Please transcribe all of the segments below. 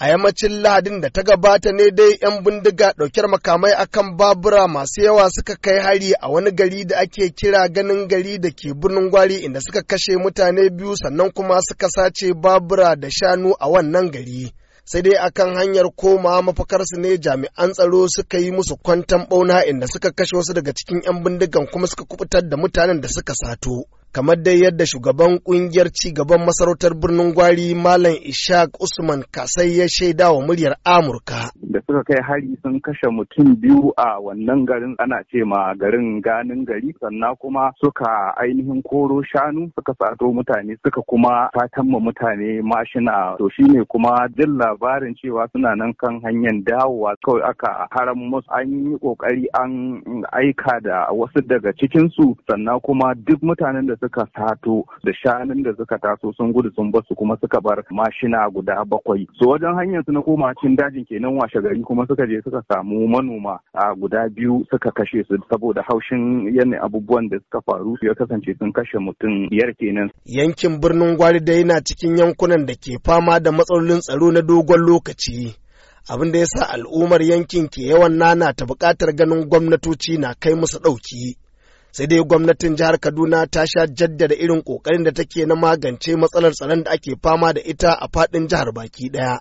a yammacin lahadin da ta gabata ne dai 'yan bindiga ɗaukar makamai akan babura masu yawa suka kai hari a wani gari da ake kira ganin gari da ke birnin gwari inda suka kashe mutane biyu sannan kuma suka sace babura da shanu a wannan gari sai dai akan hanyar koma mafakarsu ne jami'an tsaro suka yi musu kwantan ɓauna inda suka kashe wasu daga cikin 'yan bindigan kuma suka kubutar da mutanen da suka sato kamar dai yadda shugaban kungiyar ci gaban masarautar birnin gwari malam ishaq usman kasai ya shaida wa muryar amurka da suka kai hari sun kashe mutum biyu a wannan garin ana ce ma garin ganin gari sannan kuma suka ainihin koro shanu suka sato mutane suka kuma fatanma ma mutane mashina to shine kuma jin labarin cewa suna nan kan hanyar dawowa kawai aka haram musu an yi kokari an aika da wasu daga cikinsu sannan kuma duk mutanen da suka suka sato da shanun da suka taso sun gudu sun basu kuma suka bar mashina guda bakwai so wajen hanyar su na koma cikin dajin kenan washe gari kuma suka je suka samu manoma a guda biyu suka kashe su saboda haushin yana abubuwan da suka faru ya kasance sun kashe mutum biyar kenan yankin birnin gwari da yana cikin yankunan da ke fama da matsalolin tsaro na dogon lokaci abin da ya sa al'ummar yankin ke yawan nana ta buƙatar ganin gwamnatoci na kai musu ɗauki sai dai gwamnatin jihar kaduna ta sha jaddada irin kokarin da take na magance matsalar tsaron da ake fama da ita a faɗin jihar baki ɗaya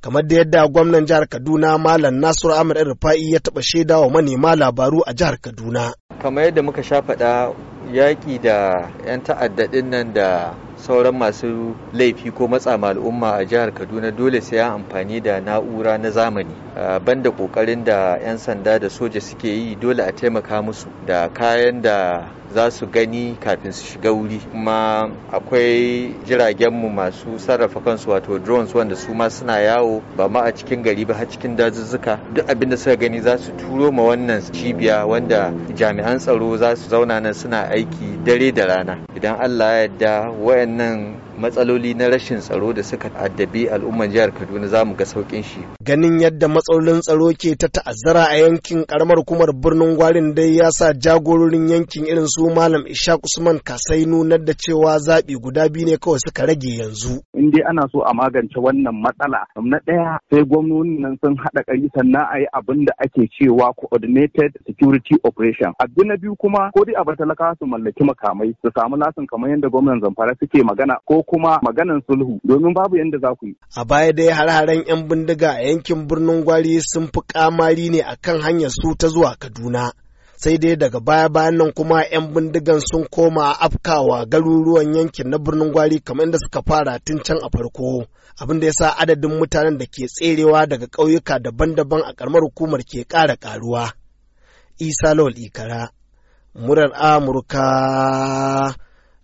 kamar da yadda gwamnan jihar kaduna malam nasiru Amir rufa'i ya taɓa shaida wa manema labaru a jihar kaduna kamar yadda muka sha faɗa yaƙi da 'yan ta'adda nan da sauran masu laifi ko matsa al'umma a jihar kaduna dole sai ya amfani da na'ura na zamani Ah, banda kokarin da 'yan sanda da soja suke yi dole a taimaka musu da kayan da za su gani kafin su shiga wuri kuma akwai jiragenmu masu sarrafa kansu wato drones wanda su ma suna yawo ba ma a cikin gari ba har cikin dazuzzuka duk abin da suka gani za su turo ma wannan cibiya wanda jami'an tsaro za su zauna nan suna aiki dare da rana idan allah ya yarda wayannan matsaloli na rashin tsaro da suka addabi al'ummar jihar Kaduna za mu ga saukin shi. Ganin yadda matsalolin tsaro ke ta ta'azzara a yankin karamar hukumar birnin Gwarin dai ya sa jagororin yankin irin su Malam Ishaq Usman Kasai nunar da cewa zaɓi guda biyu ne kawai suka rage yanzu. In dai ana so a magance wannan matsala na ɗaya sai gwamnonin nan sun haɗa ƙari sannan a yi abin da ake cewa coordinated security operation. Abu na biyu kuma ko dai a talakawa su mallaki makamai su samu lasin kamar yadda gwamnan Zamfara suke magana ko kuma maganan sulhu domin babu yadda za ku yi. A baya dai har-haren 'yan bindiga a yankin birnin Gwari sun fi kamari ne a kan hanyar su ta zuwa Kaduna. Sai dai daga baya-bayan nan kuma 'yan bindigan sun koma afkawa garuruwan yankin na birnin Gwari kamar inda suka fara tun can a farko. Abin da ya sa adadin mutanen da ke tserewa daga ƙauyuka daban-daban a ƙaramar hukumar ke ƙara ƙaruwa. Isa Lawal Ikara, Murar Amurka,